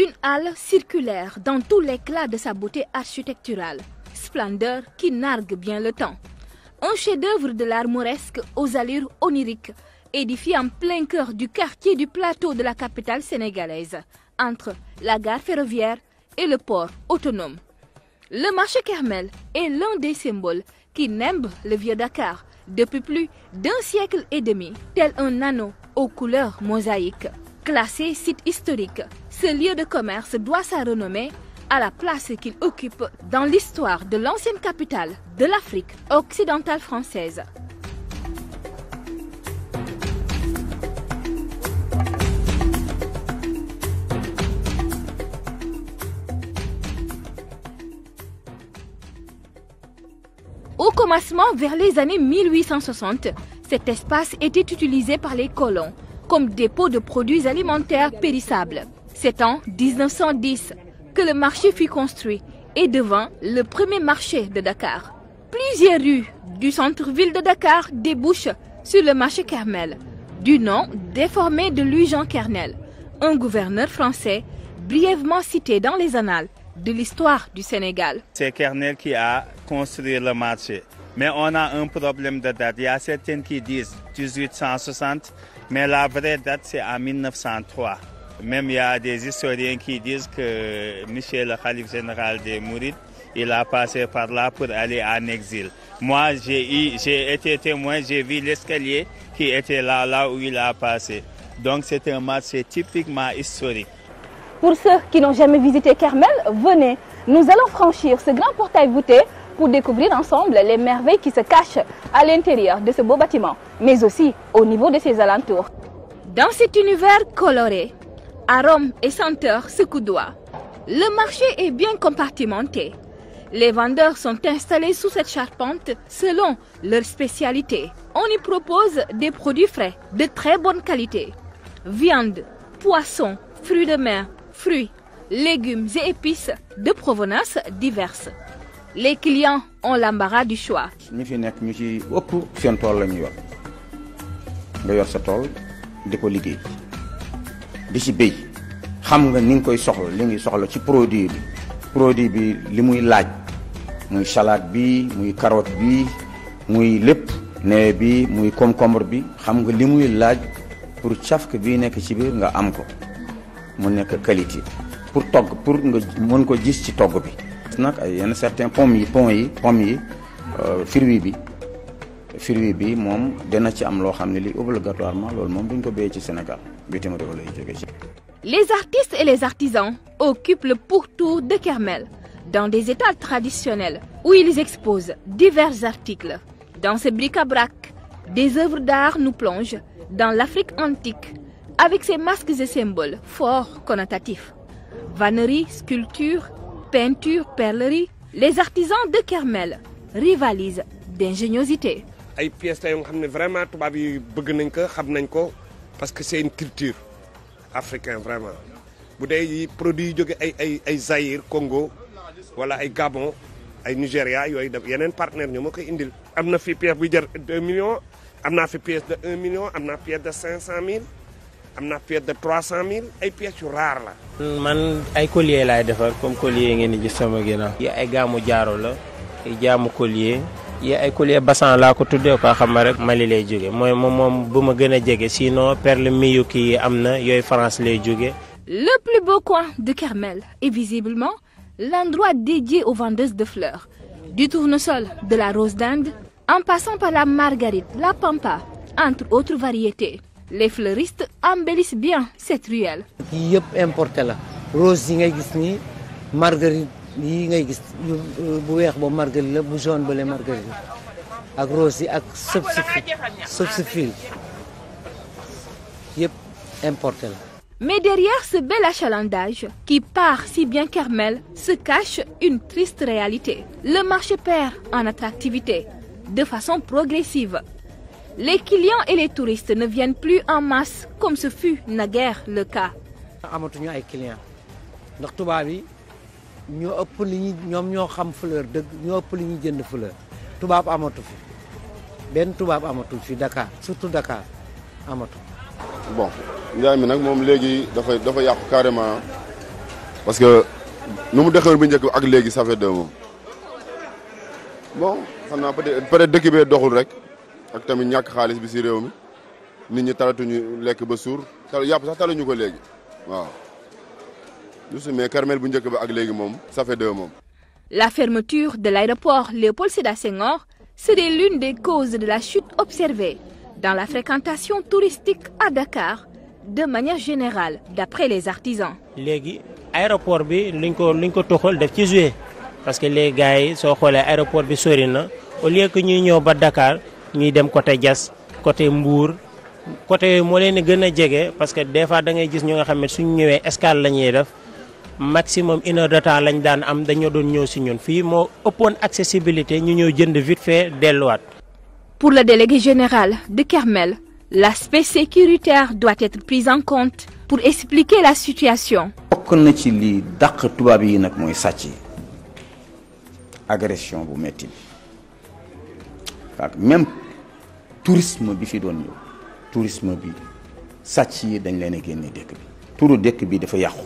Une halle circulaire dans tout l'éclat de sa beauté architecturale, splendeur qui nargue bien le temps. Un chef-d'œuvre de l'art aux allures oniriques, édifié en plein cœur du quartier du plateau de la capitale sénégalaise, entre la gare ferroviaire et le port autonome. Le marché Kermel est l'un des symboles qui nimbe le vieux Dakar depuis plus d'un siècle et demi, tel un anneau aux couleurs mosaïques. Classé site historique, ce lieu de commerce doit sa renommée à la place qu'il occupe dans l'histoire de l'ancienne capitale de l'Afrique occidentale française. Au commencement, vers les années cet espace était utilisé par les colons comme dépôt de produits alimentaires périssables. C'est en 1910 que le marché fut construit et devint le premier marché de Dakar. Plusieurs rues du centre-ville de Dakar débouchent sur le marché Carmel, du nom déformé de Louis-Jean Kernel, un gouverneur français brièvement cité dans les annales de l'histoire du Sénégal. C'est Kernel qui a construit le marché. Mais on a un problème de date. Il y a certaines qui disent Mais la vraie date, c'est en 1903. Même il y a des historiens qui disent que Michel, le calife général des Mourides, il a passé par là pour aller en exil. Moi, j'ai été témoin, j'ai vu l'escalier qui était là, là où il a passé. Donc c'est un marché typiquement historique. Pour ceux qui n'ont jamais visité Carmel, venez. Nous allons franchir ce grand portail voûté pour découvrir ensemble les merveilles qui se cachent à l'intérieur de ce beau bâtiment, mais aussi au niveau de ses alentours. Dans cet univers coloré, arômes et senteurs secoudoient. Le marché est bien compartimenté. Les vendeurs sont installés sous cette charpente selon leur spécialité. On y propose des produits Viande, poissons, fruits de mer, fruits, légumes et épices de provenance diverses. les clients ont l'embarras du choix. ñi fi nekk ñu ci ëpp seen tool la ñu yor nga yor sa tool di ko liggéey di ci béy xam nga ni nga koy soxla li ngi soxla ci produit bi produit bi li muy laaj muy salaat bi muy carotte bi muy lépp newe bi muy concombre bi xam nga li muy laaj pour cafka bi nekk ci biir nga am ko mu nekk qualité pour togg pour nga mën ko gis ci togg bi parce que nag ay yenn certains pomme yi pont yi euh, bi fruit bi moom dina ci am loo xam ne li obligatoirement loolu moom duñ ko béyee ci Sénégal bitim réew lay jóge ci Les artistes et les artisans occupent le pourtour de Kermel, dans des étals traditionnels où ils exposent divers articles. Dans ce bric-à-brac, des œuvres d'art nous plongent dans l'Afrique antique avec ses masques et symboles forts connotatifs. Vanneries, sculptures, peinture perlerie les artisans de Kermel rivalisent d'ingéniosité. ay pièces la yoo xam ne vraiment tubaab yi bëgg nañ ko xam nañ ko parce que c'est une culture africaine vraiment bu de produit yu jóge ay ay ay Zaïre Congo wala ay Gabon ay Nigéria yooyu def yeneen partenaire ñoo koy indil. am na fi pièce bu jar 2 millions am naa fi pièce de million am naa pièce de 500 000. am na pièce de trois 300000 ay pièces yu raar la. man ay collier laay defar comme collier ngeen di gis sama ginnaaw. yi ay gaamu jaaro la ay jaamu collier. yi ay collier bassan la ko tuddee ko xam rek Mali lay jóge mooy moom moom bu ma gën a jege sinon perle miyuk yi am na yooyu France lay jóge. Le plus beau coin de Kermel est visiblement l'endroit dédié aux vendeuses de fleurs du tournesol de la rose d'Inde en passant par la marguerite entre autres variétés. les fleuristes embellissent bien cette ruelle. yii yëpp importé la rose yi ngay gis ni marguerite yi ngay gis euh, bu weex ba marguerite la bu jaune ba la marguerite ak rose yi ak sapsifil yëpp importé la. Mais derrière ce bel achalandage, qui part si bien Carmel, se cache une triste réalité. Le marché perd en attractivité, de façon progressive. Les clients et les touristes ne viennent plus en masse comme ce fut naguère le cas. amatuñu ay clients ndax tubaab yi ñoo ëpp li ñuy ñoom ñoo xam fleur dëgg ñu ëpp li ñuy jënd fleur tubaab amatu fi benn tubaab amatu fi Dakar surtout Dakar amatu. bon njaay mi nag moom léegi dafa dafa yàqu carrément parce que nu mu dexewoon bu njëkk ak léegi ça fait deux mois bon xam naa peut-être bee doxul rek. ak tamit ñàkk xaalis bi si réew mi nit ñi talatuñu lekk ba suur tal yàpp sax taluñu ko léegi waaw juste mais Kermel bu njëkk ba ak léegi moom ça fait deux moom. La fermeture de l'aéroport Léopold Sédar Senghor serait l'une des causes de la chute observée dans la fréquentation touristique à Dakar de manière générale d'après les artisans. léegi aéroport bi luñ ko luñ ko toxal def ci joué parce que les gars yi soo xoolee aéroport bi sori na au lieu que ñuy ñëw ba Dakar. ñuy dem côté Diass côté Mbour côté moo leen gën a jege parce que des fois da ngay gis ñu nga xam ne suñ ñëwee escale la ñuy def maximum une heure de temps lañ daan am dañoo doon ñëw si ñun fii moo ëppoon accessibilité ñu ñëw jënd vite fait delluwaat. Pour le délégué général de Kermel, l'aspect sécuritaire doit être pris en compte pour expliquer la situation. bokk na ci lii daq tubaab yi nag mooy sàcc agression bu metti bi tourisme bi fi doon ñëw tourisme bi sàcc yi dañ leen a génne dëkk bi turu dëkk bii dafa yàqu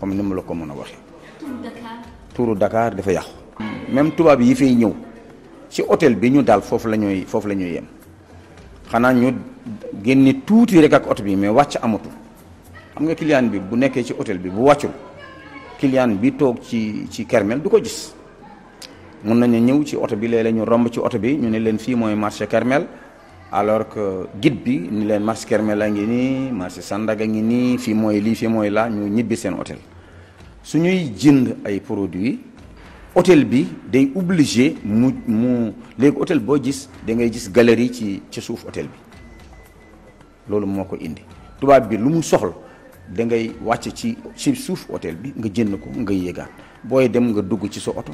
comme ni ma la ko mën a waxee. turu dakaar dafa yàqu. même tubaab yi fay ñëw ci hôtel bi ñu daal foofu la ñuy foofu la ñuy yem xanaa ñu génne tuuti rek ak oto bi mais wàcc amatu xam nga client bi bu nekkee ci hôtel bi bu wàccul client bi toog ci ci kermel du ko gis. mun nañu ñëw ci oto bi léeg-léeg romb ci oto bi ñu ne leen fii mooy marché Kermel alors que git bi ni leen marché Kermel a ngi nii marché Sandaga ngi nii fii mooy lii fii mooy laa ñu ñibbi seen hôtel su ñuy jënd ay produits hôtel bi day obligé mu mu léegi hôtel boo gis da ngay gis galerie ci ci suuf hôtel bi loolu moo ko indi tubaab bi lu mu soxla da ngay wàcc ci ci suuf hôtel bi nga jënd ko nga yéegaat booy dem nga dugg ci sa oto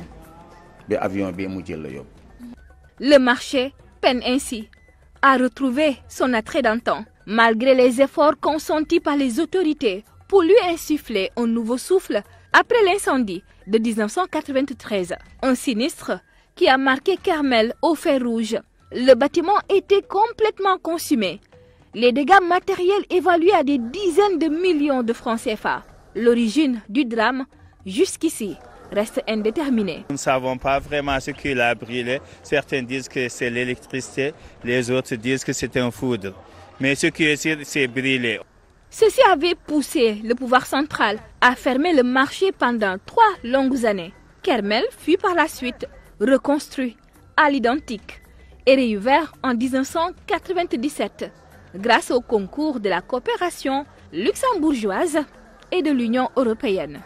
bi avion bi mu jël la yóbbu. Le marché peine ainsi à retrouver son attrait d'antan, malgré les efforts consentis par les autorités pour lui insuffler un nouveau souffle après l'incendie de 1993. Un sinistre qui a marqué Carmel au fer rouge. Le bâtiment était complètement consumé. Les dégâts matériels évalués à des dizaines de millions de francs CFA. L'origine du drame jusqu'ici reste indéterminé. Nous ne savons pas vraiment ce qu'il a brûlé. Certains disent que c'est l'électricité, les autres disent que c'est un foudre. Mais ce qui est sûr, c'est brûlé. Ceci avait poussé le pouvoir central à fermer le marché pendant trois longues années. Kermel fut par la suite reconstruit à l'identique et réouvert en 1997 grâce au concours de la coopération luxembourgeoise et de l'Union européenne.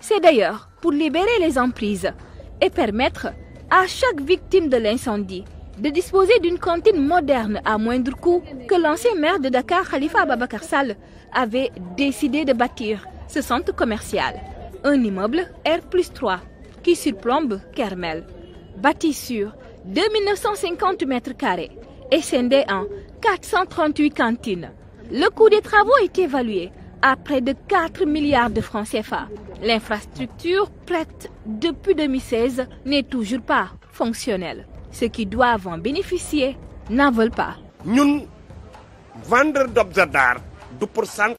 C'est d'ailleurs pour libérer les emprises et permettre à chaque victime de l'incendie de disposer d'une cantine moderne à moindre coût que l'ancien maire de Dakar, Khalifa Ababakar avait décidé de bâtir ce centre commercial. Un immeuble R 3 qui surplombe Kermel. Bâti sur 2950 mètres carrés et scindé en 438 cantines. Le coût des travaux est évalué à près de 4 milliards de francs CFA. L'infrastructure, prête depuis 2016, n'est toujours pas fonctionnelle. Ceux qui doivent en bénéficier n'en veulent pas. ñun vendre d'objet d'art du pour cent.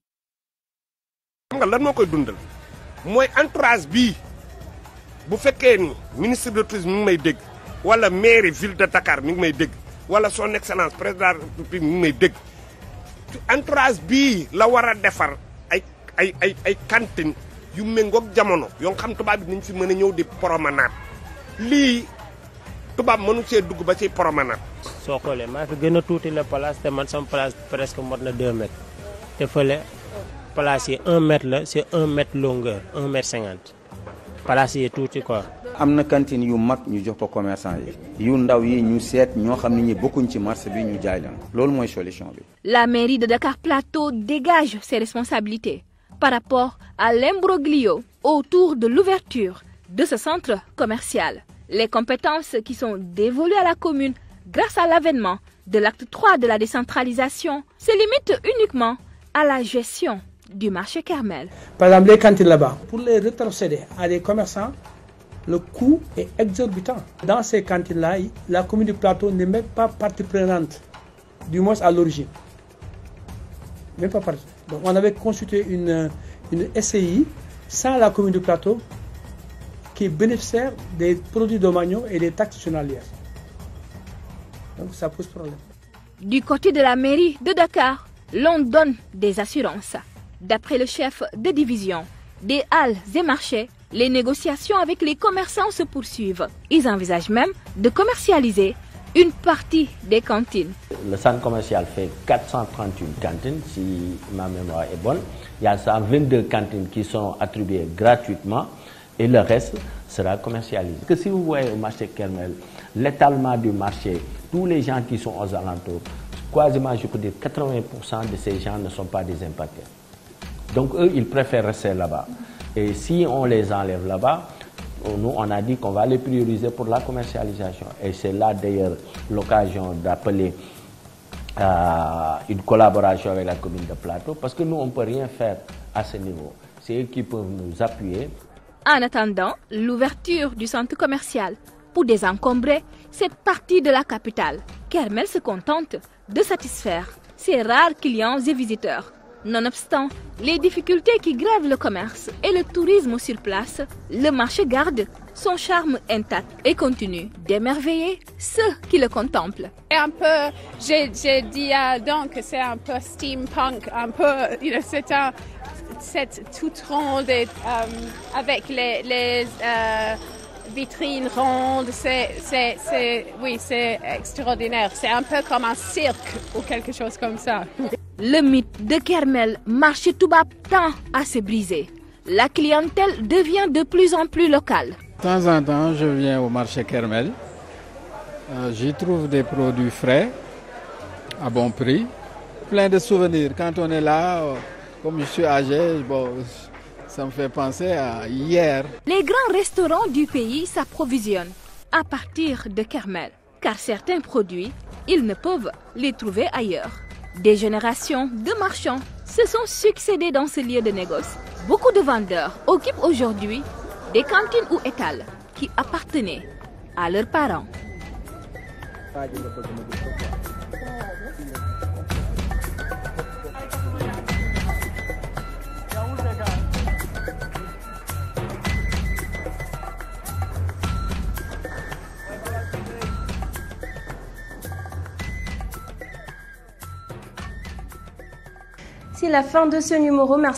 xam nga lan moo koy dundal mooy entourage bii bu fekkee ni ministre de tourisme mi ngi may dégg wala mairie ville de Dakar mi ngi may dégg wala son excellence président de la République mi may dégg entourage la war a defar. ay ay ay cantine yu méngoog jamono yoo xam tubaab bi nañ fi mën a ñëw di promenade lii tubaab mënu see dugg ba ci promenade. soo xoolee maa fi gën a tuuti la place te man sama place presque mot na 2 mètres te fële place yi 1 mètre la c'est un mètre longueur un mètre 50 place yi tuuti quoi. am na cantine yu mag ñu jox ko commerçant yi yu ndaw yi ñu seet ñoo xam ne ñi bokkuñ ci marché bi ñu jaay leen loolu mooy solution bi. la mairie de Dakar Plateau par rapport à l'imbroglio autour de l'ouverture de ce centre commercial. Les compétences qui sont dévolues à la commune grâce à l'avènement de l'acte de la décentralisation se limitent uniquement à la gestion du marché Carmel. Par exemple, les cantines là-bas, pour les retrocéder à des commerçants, le coût est exorbitant. Dans ces cantines la commune du plateau n'est même pas partie prenante, du moins à l'origine. Donc on avait constitué une, une sans la commune du plateau qui bénéficiaire des produits domaniaux et des taxes journalières. Donc ça pose problème. Du côté de la mairie de Dakar, l'on donne des assurances. D'après le chef de division des halles et marchés, les négociations avec les commerçants se poursuivent. Ils envisagent même de commercialiser une partie des cantines. Le centre commercial fait 438 cantines, si ma mémoire est bonne. Il y a 122 cantines qui sont attribuées gratuitement et le reste sera commercialisé. Que si vous voyez au marché Kermel, les gens qui sont aux alentours, quasiment, je peux dire, 80% de ces gens ne sont pas des impactés. si on les enlève là-bas, Euh, nous, on a dit qu'on va les prioriser pour la commercialisation. Et c'est là d'ailleurs l'occasion d'appeler euh, une collaboration avec la commune de Plateau parce que nous, on ne peut rien faire à ce niveau. C'est eux qui peuvent nous appuyer. En attendant l'ouverture du centre commercial pour désencombrer cette partie de la capitale, Kermel se contente de satisfaire ses rares clients et visiteurs. Nonobstant les difficultés qui grèvent le commerce et le tourisme sur place, le marché garde son charme intact et continue d'émerveiller ceux qui le contemplent. Et un peu, j'ai dit euh, donc que c'est un peu steampunk, c'est un, cette tout euh, avec les, euh, vitrines rondes, c'est extraordinaire. C'est un peu comme un cirque ou quelque chose comme ça. Le mythe de Kermel, marché Toubab, tend à se briser. La clientèle devient de plus en plus locale. De temps en temps, je viens au marché Kermel. Euh, j'y trouve des produits frais, à bon prix, plein de souvenirs. Quand on est là, euh, comme je suis âgé, bon, ça me fait penser hier. Les grands restaurants du pays s'approvisionnent à partir de Kermel, car certains produits, ils ne peuvent les trouver ailleurs. Des générations de marchands se sont succédés dans ce lieu de négoce. Beaucoup de vendeurs occupent aujourd'hui des cantines ou étals qui appartenaient à leurs parents. C'est la fin de ce numéro. Merci.